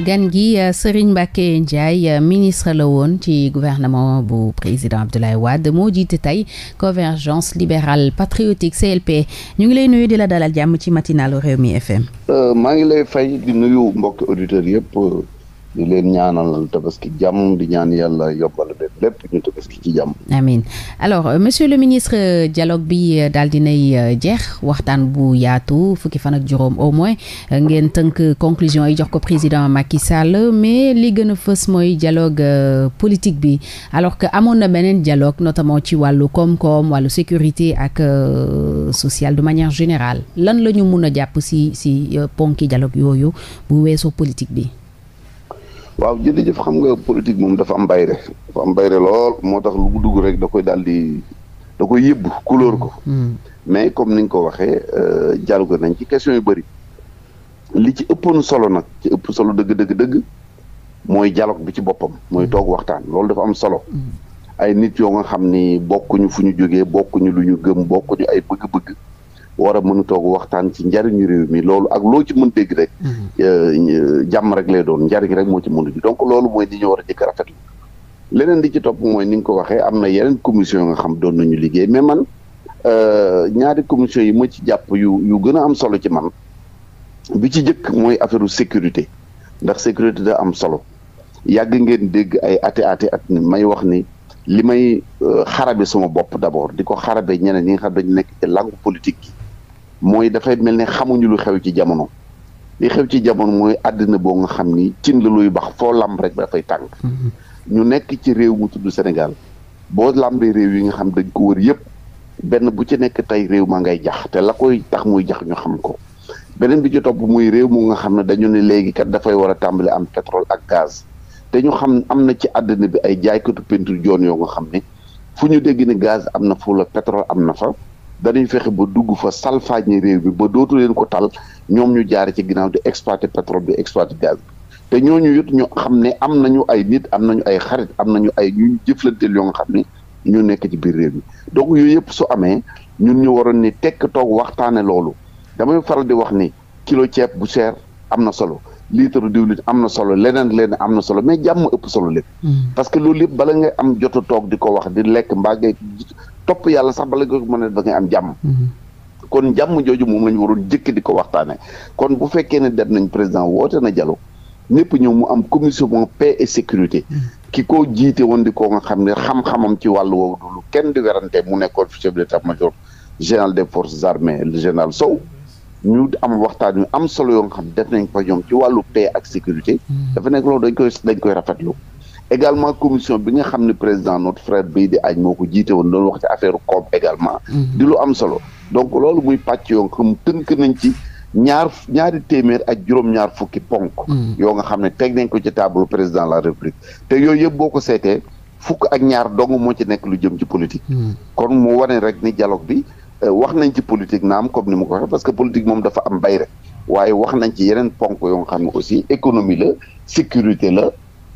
gan gi euh, Serigne Mbacké Ndiaye euh, ministre la woon ci gouvernement bu président Abdoulaye Wade moo jiite tey convergence libérale patriotique CLP ñu ngi lay nuyu di la dalal jàmm ci matinalu Rewmi FM. Euh, maa ngi lay fay di nuyu mbokki auditeurs yëpp. di leen ñaanal tabaski jàmm di ñaan yàlla yombal leen lépp ñu tabaski ci jàmm. amiin alors euh, monsieur le ministre euh, dialogue bi euh, daal dinay jeex waxtaan bu yaatu fukki fan ak juróom au moins ngeen tënk conclusion yi jox ko président Macky Sall mais li gën a fës mooy dialogue politique bi alors que amoon na beneen dialogue notamment ci wàllu koom-koom wàllu sécurité ak social de manière générale lan la ñu mun a jàpp si si ponki dialogue yooyu bu weesoo politique bi. waaw jërëjëf xam nga politique moom dafa am bayre am bayre lool moo tax lu dugg rek da koy daal di da koy yëbbu couleur ko. Hmm. mais comme ni nga ko waxee dialogue euh, nañ ci question yu bëri. li ci ëppoon solo nag ci ëpp solo dëgg dëgg dëgg mooy dialogue bi ci boppam mooy hmm. toog waxtaan loolu dafa am solo. Hmm. ay nit yoo nga xam ni bokkuñu fu ñu jógee bokkuñu lu ñu gëm bokkuñu ay bëgg-bëgg. war a mën a toog waxtaan ci njariñu réew mi loolu ak loo ci mën dégg rek. Mhm. Euh, jàmm rek lay doon njariñ rek moo ci mën a donc loolu mooy li ñu war a jëkk rafetlu leneen di ci topp mooy ni nga ko waxee am na yeneen commission nga xam doon nañu liggéey mais man euh, ñaari commission yi ma ci jàpp yu yu gën a am solo ci man bi ci jëkk mooy affaire sécurité ndax sécurité da am solo yàgg ngeen dégg ay ati ati at may wax ni li may euh, xarabe sama bopp d'abord di ko xarabe ñeneen ñi nga xam dañu nekk ci langue politique yi mooy dafay mel ne xamuñu lu xew ci jamono li xew ci jamono mooy àddina boo nga xam ni cin la luy bax foo lamb rek dafay tàng mm-hmm. ñu nekk ci réew mu tudd Sénégal boo lambee réew yi nga xam dañ ko wër yépp benn bu ci nekk tey réew ma ngay jax te la koy tax muy jax ñu xam ko beneen bi ci topp muy réew mu nga xam ne dañu ne léegi kat dafay war a tàmbali am pétrole ak gaz te ñu xam am na ci àddina bi ay jaaykatu peinture joon yoo nga xam ne fu ñu dégg ne gaz am na fu la pétrole am na fa dañuy fexe ba dugg fa salfaañe réew mi ba dootu leen ko tal ñoom ñu jaare ci ginnaaw di exploiter pétrole bi exploiter gaz te ñooñu it ñu xam ne am na ñu ay nit am na ñu ay xarit am na ñu ay ñu jëflanteel yoo nga xam ne ñu nekk ci biir réew bi donc yooyu yëpp su amee ñun ñu waroon ni tekk toog waxtaane loolu damay faral di wax ni kilo ceeb bu cher am na solo litre diwlin am na solo leneen leneen am na solo mais jàmm ëpp solo lépp. Hmm. parce que loolu lépp di ko wax di lekk mbaa topp yàlla sax bala nga ko mën a ba nga am jàmm. Mhm. kon jàmm jooju moom la ñu waroon jëkk di ko waxtaanee kon bu fekkee ne dem nañ président woote na dialogue ñëpp ñëw mu am commission paix et sécurité. Mhm. ki ko jiite woon di ko nga xam ne xam-xamam ci wàllu woowu du lu kenn di werante mu nekkoon chef d'état-major général des forces armées le général Sow. ñu am waxtaan yu am solo yoo nga xam def nañ ko ñoom ci wàllu paix ak sécurité. Mhm. dafa nekk loolu dañ koy rafet koy également commission bi nga xam ne président notre frère bi di aj moo ko jiite woon doon wax ci affaire koom également mhm. di lu am solo donc loolu muy pàcc yoo xam tënk nañ ci ñaar ñaari téeméer ak juróom fukki ponk mhm. yoo nga xam ne teg nañ ko ci table président la république te yooyu yëpp boo ko seete fukk ak ñaar dong moo ci nekk lu jëm ci politique mhm. kon mu waree rek ni dialogue bi euh, wax nañ ci politique naam comme ni mu ko waxee parce que politique moom dafa am bay rek waaye wax nañ ci yeneen ponk yoo xam ne aussi économie la sécurité la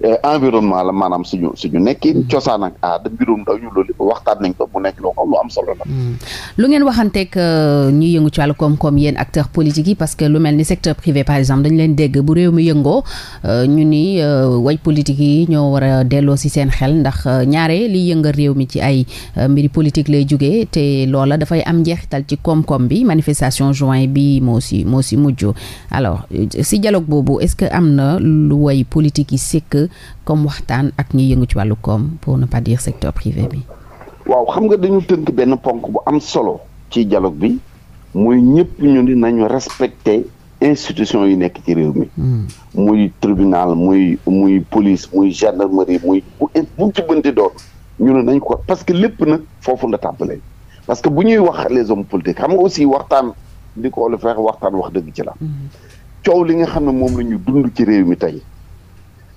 Eh, environnement la maanaam suñu suñu mm. cosaan ak aada mbirum ndaw ñu loolu waxtaan nañ ko mu nekk loo xam lu am solo la. Mm. lu ngeen waxanteeg euh, ñuy yëngu ci wàllu koom-koom yéen acteur politiques yi parce que lu mel ni secteur privé par exemple dañ leen dégg bu réew mi yëngoo euh, ñu ni euh, way politique yi ñoo war a delloo si seen xel ndax ñaare liy yëngal réew mi ci ay mbiri politique lay jóge te loola dafay am njeexital ci koom-koom bi manifestation join bi moo si moo si mujj alors yi sekk comme waxtaan ak ñi yëngu ci wàllu koom pour ne pas dire secteur privé bi. waaw xam nga dañu tënk benn ponk bu am solo ci dialogue bi muy ñëpp ñu ni nañu respecter institution yu nekk ci réew mi. Hmm. muy tribunal muy muy police muy gendarmerie muy bu bu ci doon ñu ne nañ ko parce que lépp nag foofu la tàmbalee parce que bu ñuy wax les hommes politiques xam nga aussi waxtaan di ko lu fexe waxtaan wax dëgg ci la. Hmm. coow li nga xam ne moom la ñu dund ci réew mi tey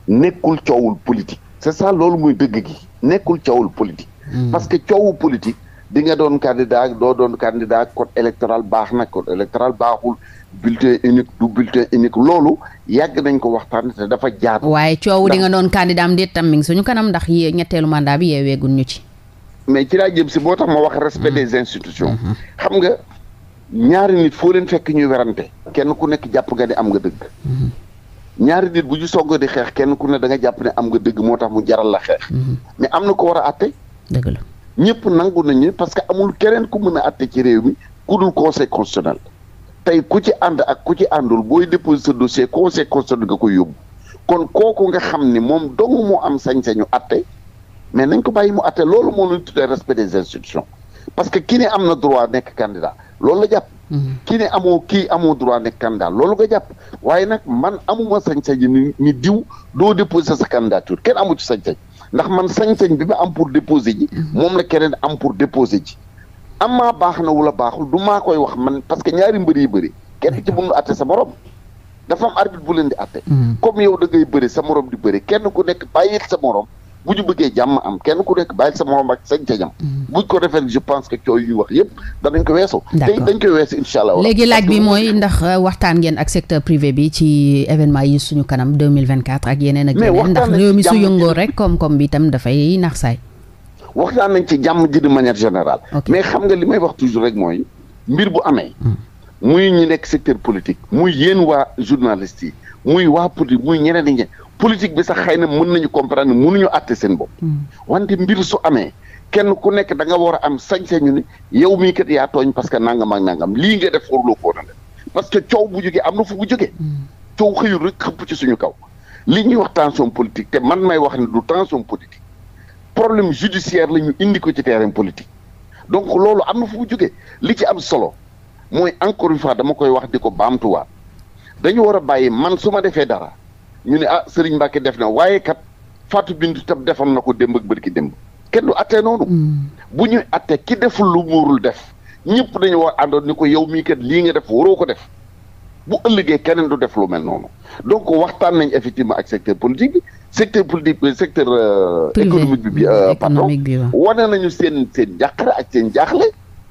nekkul coowul politique c'est ça loolu muy dëgg gi nekkul coowul politique hmm. parce que coowu politique di nga doon candidat doo doon candidat code électoral baax na code électoral baaxul bulletin unique du bulletin unique loolu yàgg nañ ko waxtaan te dafa jaar waaye coowu di nga doon candidat am déet tam mi ngi suñu kanam ndax yee ñetteelu mandat bi yee weeguñ ñu ci mais ci laa jëm si boo tax ma wax respect hmm. des institutions hmm. xam nga ñaari nit foo leen fekk ñuy werante kenn ku nekk jàpp nga am nga dëgg ñaari nit bu ñu song di xeex kenn ku ne da nga jàpp ne am nga dëgg moo tax mu jaral la xeex. Mhm. mais am na ko war a àtte. dëgg la ñëpp nangu nañu parce que amul keneen ku mën a àtte ci réew mi ku dul conseil constitutionnel. tey ku ci ànd ak ku ci àndul booy déposer sa dossier conseil constitutionnel nga ko yóbbu kon kooku nga xam ni moom dong mu am sañ-sañu àtte mais nañ ko bàyyi mu àtte loolu moo leen tuddee respect des institutions parce que ki ne am na droit nekk candidat loolu la jàpp. kii ne amoo kii amoo droit nekk candidat loolu nga jàpp waaye nag man amuma sañ-sañ ni ni diw doo déposer sa candidature kenn amu ci sañ-sañ ndax man sañ-sañ bi ma am pour déposer ji mm-hmm. moom la keneen am pour déposer ji am maa baax na wala baaxul du maa koy wax man parce que ñaari mbër yi bëri kenn ci mënul àtte sa morom dafa am arbitre bu leen di àtte mm-hmm. comme yow da ngay bëri sa moroom di bëri kenn ku nekk bàyyil sa morom bu ñu bëggee jàmm am kenn ku nekk bàyyi sa morom ak sañ sañam mm-hmm. buñ ko defee je pense que coow yu wax yépp danañ ko weesu te dañ koy weesu incha allah léegi laaj bi mooy ndax euh, waxtaan ngeen ak secteur privé bi ci événement yi suñu kanam 2024 ak yeneen ak yeneen ndax réew mi su yëngoo rek koom-koom bi itam dafay nax saay waxtaan nañ ci jàmm ji de manière générale mais xam nga li may wax toujours rek mooy mbir bu amee mm. muy ñu nekk secteur politique muy yéen waa journaliste yi muy waa politique muy ñeneen ñi politique bi sax xëy na mën nañu comprendre mënuñu àtte seen bopp. Hmm. wante mbir su amee kenn ku nekk da nga war a am sañ-sañu ne yow mii kër yaa tooñ parce que nangam ak nangam lii nga def waruloo ko woon a parce que coow bu jógee am na fu bu jógee. Hmm. coow xëyul rek xëpp ci suñu kaw. li ñuy wax tension politique te man may wax ni du tension politique problème judiciaire la ñu indi ko ci terrain politique donc loolu am na fu mu jógee li ci am solo mooy encore une fois dama koy wax di ko baamtuwaat dañu war a bàyyi man su ma defee dara. ñu ne ah Serigne Mbacke def na waaye kat Fatou Bintou tam defoon na ko démb ak ki démb kenn du attee noonu. Mm. bu ñu attee ki deful lu muurul def ñëpp dañu war àndoon ñu ko yow mii kat lii nga def waroo ko def bu ëllëgee keneen du def lu mel noonu donc waxtaan nañ effectivement ak secteur politique bi secteur politique euh, secteur. Euh, économique bi bi euh, pardon wane nañu seen seen jàqare ak seen jaaxle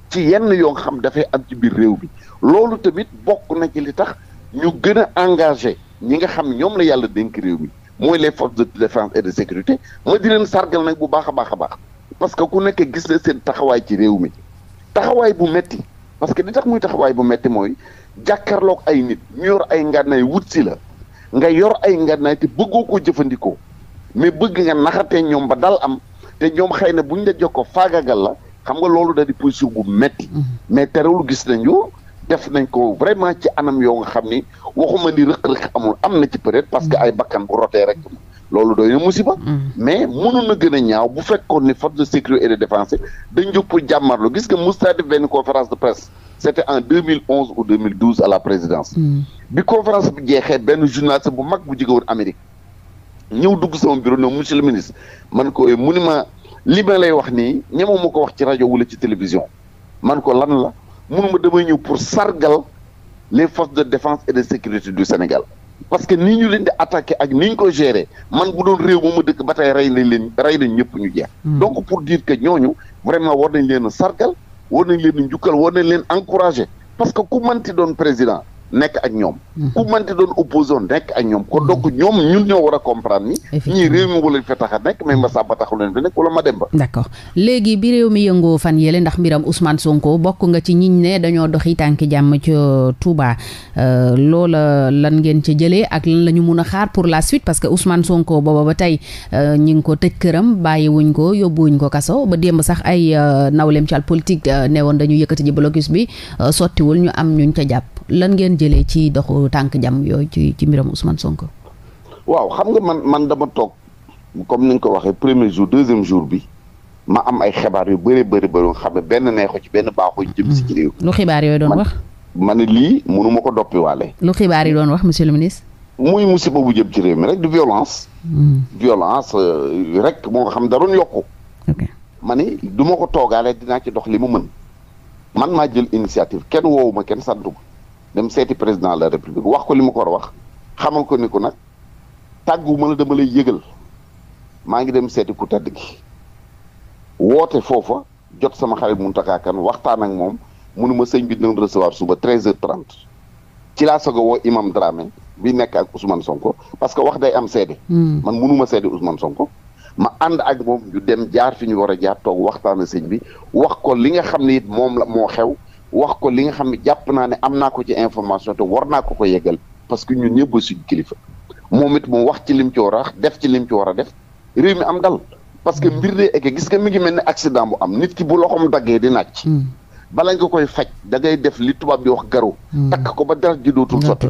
ci yenn yoon xam dafay am ci biir réew bi loolu tamit bokk na ci li tax ñu gën a engagé. ñi nga xam ñoom la yàlla dénk réew mi mooy les forces de défense et de sécurité ma di leen sargal nag bu baax a baax a baax parce que ku nekk gis na seen taxawaay ci réew mi taxawaay bu metti parce que di tax muy taxawaay bu metti mooy jàkkarlook ay nit mu yor ay ngànnaay wut si la nga yor ay ngànnaay te bëggoo koo jëfandikoo mais bëgg nga naxatee ñoom ba dal am te ñoom xëy na buñ la jox ko faagagal la xam nga loolu da di position bu metti mhm. mais terewul gis nañu def nañ ko vraiment ci anam yoo nga xam ni waxuma ni rëq-rëq amul am na ci peut-être parce que mm-hmm. ay bakkan bu rotee rek loolu doy na musiba. Mm-hmm. mais mënoon na gën a ñaaw bu fekkoon ni force de sécurité et de défense dañ jóg pour jàmmarlu gis nga Moussa def benn conférence de presse c'était en 2011 ou 2012 à la présidence. Mm-hmm. bi conférence bu jeexee benn journaliste bu mag bu jóge woon Amérique. ñëw dugg sama bureau ne monsieur le ministre man ko mu ni ma li ma lay wax nii ñemewuma ko wax ci rajo wala ci télévision man ko lan la. mun ma damay ñëw pour sargal les forces de défense et de sécurité du Sénégal parce que ni ñu leen de attaqué ak ni ñu ko géré man bu doon réew mu ma dëkk ba tey rey lañ leen rey lañ ñëpp ñu jeex. Hmm. donc pour dire que ñooñu vraiment war nañ leen a sargal war nañ leen a njukkal war nañ leen encouragé parce que ku manti doon président nekk ak ñoom. Mhm. ku mënti doon opposant nekk ak ñoom ko donc mhm. ñoom ñun ñoo war a comprendre ni. ñii réew mi wala fa tax a nekk mais Massamba taxul leen fi nekk wala Mademba. d' accord léegi bi réew mi yëngoo fan yële ndax mbiram Ousmane sonkoo bokk nga ci ñiñ ne dañoo doxi tànki jàmm ci Touba euh, loola lan ngeen ci jëlee ak lan la ñu mun a xaar pour la suite parce que Ousmane Sonko booba ba tey euh, ñi ngi ko tëj këram bàyyi wuñ ko yóbbuwuñ ko kaso ba démb sax ay euh, nawleem ci al politique ne woon dañu yëkkati ji blocus bi sottiwul ñu am ñuñ ca jàpp. lan ngeen jëlee ci doxu tànk jàmm yooyu ci ci mbiram Ousmane Sonko. waaw xam nga man man dama toog comme ni nga ko waxee premier jour deuxième jour bi ma am ay xibaar yu bëri bëri bëri nga xam ne benn neexu ci benn baaxu jëm si ci réew. lu xibaar yooyu doon lii mënu ko doppiwaale. lu xibaar yi doon wax le ministre. muy musiba bu jëm ci mi rek du violence. Hmm. violence euh, rek moo xam daroon yokku. ma ni du ma ko toogaale dinaa ci dox li mu mën man maa jël initiative kenn woowu ma kenn sàntu ma dem seeti président de la république wax ko li ma ko war a wax xamal ko ni ko nag tàggu ma la dama lay yëgal maa ngi dem seeti ku tedd gi woote foofa jot sama xarit Mountakha Kane waxtaan ak moom munu ma sëñ bi dinañ recevoir suba 13h30 ci laa soog a woo imam Dramé bi nekk ak Ousmane Sonko parce que wax day am seede. Hmm. man munuma seede Ousmane Sonko. ma ànd ak moom ñu dem jaar fi ñu war a jaar toog waxtaan ak sëñ bi wax ko li nga xam ne it moom la moo xew. wax ko li nga xam ne jàpp naa ne am naa ko ci information te war naa ko ko yegal parce que ñun ñëpp suñu kilifa moom it mu wax ci lim ci war a def ci lim ci war a def réew mi am dal parce que mbir de eke gis nga mi ngi mel ne accident bu am nit ki bu loxoom daggee di nàcc hmm. bala nga koy faj da def li tubaab bi wax garu hmm. takk ko ba dara ji dootul sotti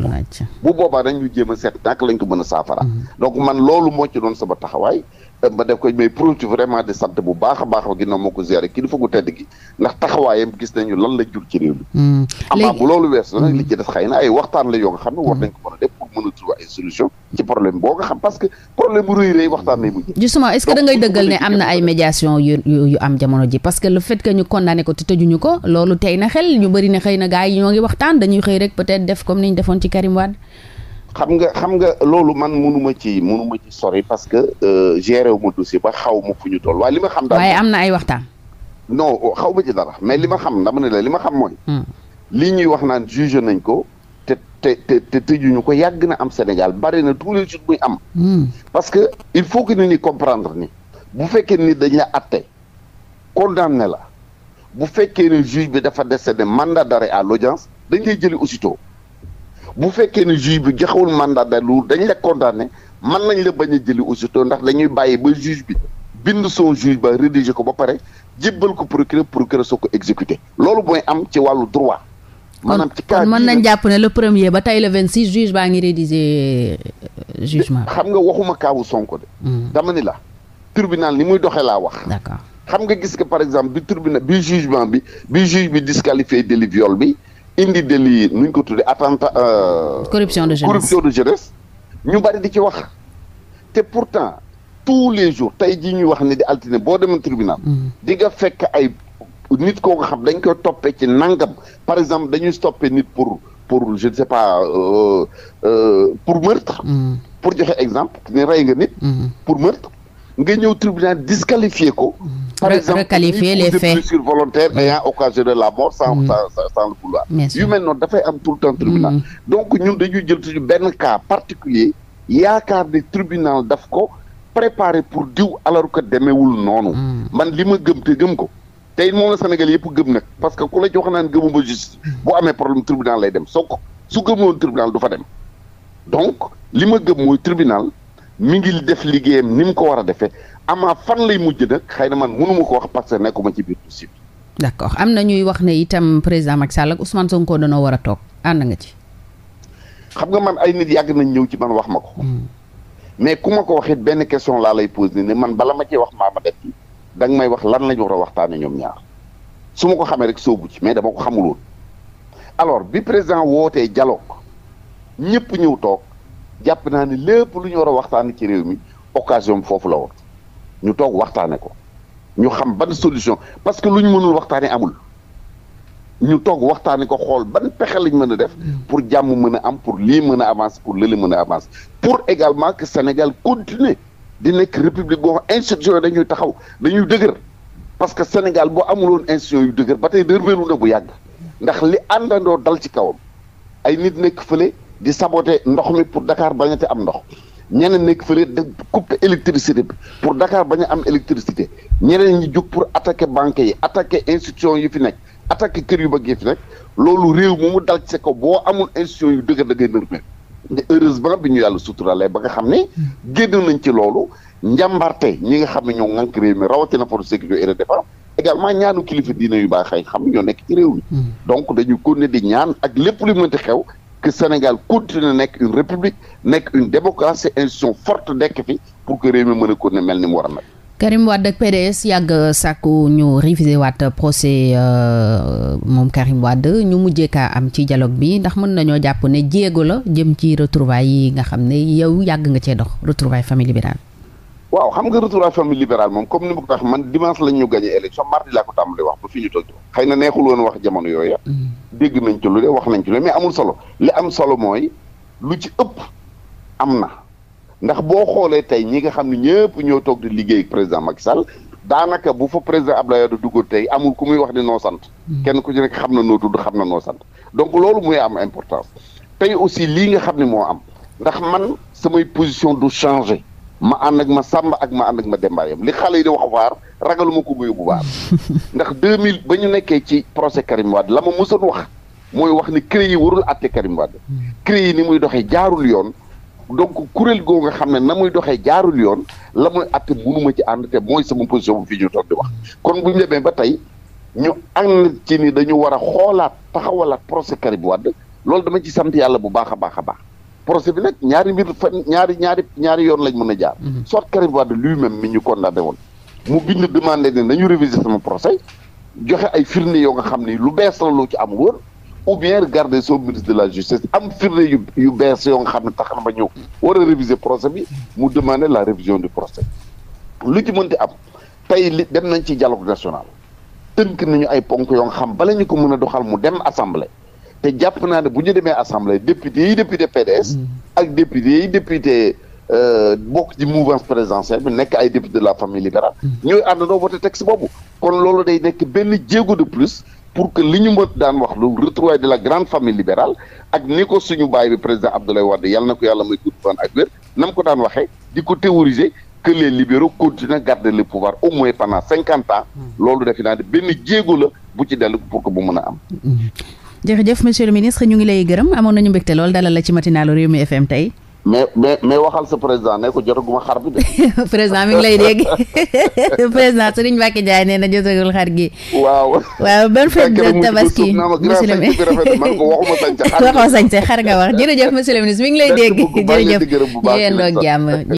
bu boobaa dañ ñu jéem a seet nak lañ ko mën a saafara hmm. donc man loolu moo ci doon sama taxawaay ma def ko mais pour vraiment de sant bu baax a baax a ginnaaw moo ko ziare kilifa gu tedd gi ndax taxawaayam gis nañu lan la jur ci réew mi. Hmm. amaa bu loolu weesoo nag hmm. li ci na ay waxtaan la yoo nga xam ne war hmm. nañ ko mën a def pour a trouver ay solution ci problème boo nga waxtaan lay ko te tëjuñu ko loolu tey na xel ñu bëri na xëy na gars yi ñoo ngi waxtaan dañuy xëy rek def comme ni ñu defoon ci Karim xam nga xam nga loolu man mënuma ci mënuma ci sori parce que euh, géré wu ma dossier ba xaw ma fu ñu toll waaye li ma xam daal waaye am na ay waxtaan non xaw ma ci dara mais li ma xam dama ne la li ma xam mooy hmm. lii ñuy wax naan jugé nañ ko te te te te ko yàgg na am Sénégal bari na tous les jours am hmm. parce que il faut que nit ñi comprendre ni bu fekkee ni dañ la atte condamné la bu fekkee ne juge bi dafa décédé mandat d'arrêt à l'audience dañ lay jëli aussitôt bu fekkee ne juge bi joxewul mandat d'arrêt dañ la condamné mën nañ la bañ a jëli aussitôt ndax dañuy bàyyi ba juge bi bind son juge ba rédigé ko ba pare jébbal ko procureur procureur soo ko exécuté loolu mooy am ci wàllu droit. maanaam ci cas mën nañ jàpp ne le premier ba tey le 26 juge baa ngi rédigé euh, jugement. xam nga waxuma kaawu Sonko de. Hmm. dama ni la tribunal ni muy doxee laa wax. xam nga gis que par exemple bi tribunal bi jugement bi bi juge bi disqualifié délit viol bi. indi délit nuñ ko tuddee attentat. Euh, corruption de jeunesse corruption de ñu bari di ci wax te pourtant tous les jours tey jii ñuy wax ni di altine boo demoon tribunal. Mm-hmm. di nga fekk ay nit koo nga xam dañ koy toppee ci nangam par exemple dañuy toppee nit pour pour je ne sais pas euh, euh, pour meurtre. Mm. joxe exemple ne rey nga nit. Mm-hmm. pour meurtre nga ñëw tribunal disqualifié ko. par Re exemple requalifier les faits blessure volontaire ayant la mort sans mm. yu mel noonu dafay am tout le mm. donc ñun dañuy jël suñu benn cas particulier yaakaar ne tribunal daf ko préparé pour diw alors demeewul noonu mm. man li ma gëm te gëm ko tey moom la Sénégal gëm nag parce que ku la jox naan gëmuma justice bu amee problème tribunal lay dem soo ko su gëmoon tribunal du fa dem li ma gëm mooy tribunal mi ngi def liggéeyam ni mu ko war a defee amaa fan lay mujj nag xëy na man mënuma ko wax parce que nekkuma ci biir dossier bi. d' accord am na ñuy wax ne itam président Macky Sall ak Ousmane Sonko danoo war a toog ànd nga ci. xam nga man ay nit yàgg nañ ñëw ci man wax ma ko. Hmm. mais ku ma ko waxit benn question laa lay pose ni ne man bala ma cee wax maa ma def ci da may wax lan lañu war a waxtaane ñoom ñaar su ma ko xamee rek soobu ci mais dama ko xamuloon alors bi président wootee dialogue ñëpp ñëw toog jàpp naa ne lépp lu ñu war a waxtaane ci réew mi occasion bi foofu la woon. ñu toog waxtaane ko ñu xam ban solution parce que lu ñu mënul waxtaane amul ñu toog waxtaane ko xool ban pexe lañ mën a def pour jàmm mën a am pour lii mën a avance pour lële mën a avance pour également que Sénégal continue di nekk république boo xam institution dañuy taxaw dañuy dëgër parce que Sénégal boo amuloon institution yu dëgër ba tey dërbeelu na bu yàgg ndax li àndandoo dal ci kawam ay nit nekk fële di saboter ndox mi pour Dakar bañate am ndox ñeneen nekk fële def coupe électricité pour Dakar bañ a am électricité ñeneen ñi jug pour attaque banque yi attaquer institution yi fi nekk attaquer kër yu ba yi fi nekk loolu réew mi mu dal ci ko boo amul institution yu dëgër da ngay nërmeel mais heureusement bi ñu yàlla suturalee ba nga xam ne génn nañ ci loolu njàmbarte ñi nga xam ne ñoo ŋànk réew mi rawatina pour sécurité et la défense également ñaanu kilifa diine yu baax xay xam ñoo nekk ci réew mi mm. donc dañu continuer di ñaan ak lépp lu mënti xew que Sénégal continue nekk une république nekk une démocratie institution forte nekk fi pour que réew mi mën ko ne mel ni mu war a mel. Karim Wade ak PDS yàgg sàkku ñu réviser waat procès euh, moom Karim Wade ñu mujjee kaa am ci dialogue bi ndax mën nañoo jàpp ne jéego la jëm ci retrouvailles yi nga xam ne yow yàgg nga cee dox retrouvailles famille libérale. waaw xam nga retour à famille libérale moom comme ni ma ko wax man dimanche lañ ñu gagné élection mardi laa ko tàmbalee wax ba fi ñu toog xëy na neexul woon wax jamono yooya. Mm. dégg nañ ci lu de wax nañ ci lu mais amul solo li am solo mooy lu ci ëpp am na ndax boo xoolee tey ñi nga xam ne ñëpp ñëw toog di liggéey président Macky Sall daanaka bu fa président Abdoulaye Wade duggoon tey amul ku muy wax ni noo sant. Mm. kenn ku ci nekk xam na noo tudd xam na noo sant donc loolu muy am importance tey aussi lii nga xam ne moo am ndax man samay position du changer. ma ànd ak ma sàmb ak ma ànd ak ma dembaayam li xale yi di wax waar ragaluma ko muy bu vaar ndax 2000 ba ñu nekkee ci procès Karim Wade la ma mësoon wax mooy wax ni CREI yi warul àtte Karim Wade hmm. CREI yi ni muy doxee jaarul yoon donc kuréel goo nga xam ne na muy doxee jaarul yoon la muy àtte mënuma ci ànd te mooy sama position bu fi ñu toog di wax kon bu ñu demee ba tey ñu ànd ci ni dañu war a xoolaat taxawalaat procès Karim Wade loolu dama ci sant yàlla bu baax a baax a baax procès bi nag ñaari mbir fa ñaari ñaari ñaari yoon lañ mën a jaar. Mhm. soit Karim Wade lui-même mi ñu condamné woon mu bind demandé ne nañu réviser sama procès joxe ay firnde yoo nga xam ni lu bees la lu ci am wër ou bien garder son ministre de la justice am firnde yu yu bees yoo nga xam ne tax na ba ñëw war a réviser procès bi mu demandé la révision du procès lu ci mënti am tey li dem nañ ci dialogue national tënk nañu ay ponk yoo nga xam bala ñu ko mën a doxal mu dem assemblée. te jàpp naa ne bu ñu demee assemblée député yi député PDS. Mm. ak député yi député euh, bokk ci mouvance présidentielle bi nekk ay député de la famille libérale. Mm. ñooy àndandoo te texte boobu. kon loolu day nekk benn jéego de plus. pour que li ñu mën daan wax lu retrouvailles de la grande famille libérale ak ni ko suñu baay bi président Abdoulaye Wade yàlla na ko yàlla may gudd fan ak nam ko daan waxee diko ko théoriser que les libéraux continuent à garder le pouvoir au moins pendant cinquante mm. loolu defe naa benn jéego la bu ci dellu pour que bu mën a am. jërëjëf monsieur le ministre ñu ngi lay gërëm amoon nañu mbégte lool dalal la ci matinalu Rewmi FM tey. mais mais mais waxal sa président ne ko jotaguma xar bi de. président mi ngi lay dégg président Serigne Mbacké Ndiaye nee na jotagul xar gi. waaw waaw bonne fête de tabaski monsieur le ministre waxuma sañse xar nga wax jërëjëf monsieur le ministre mi ngi lay dégg jërëjëf ñu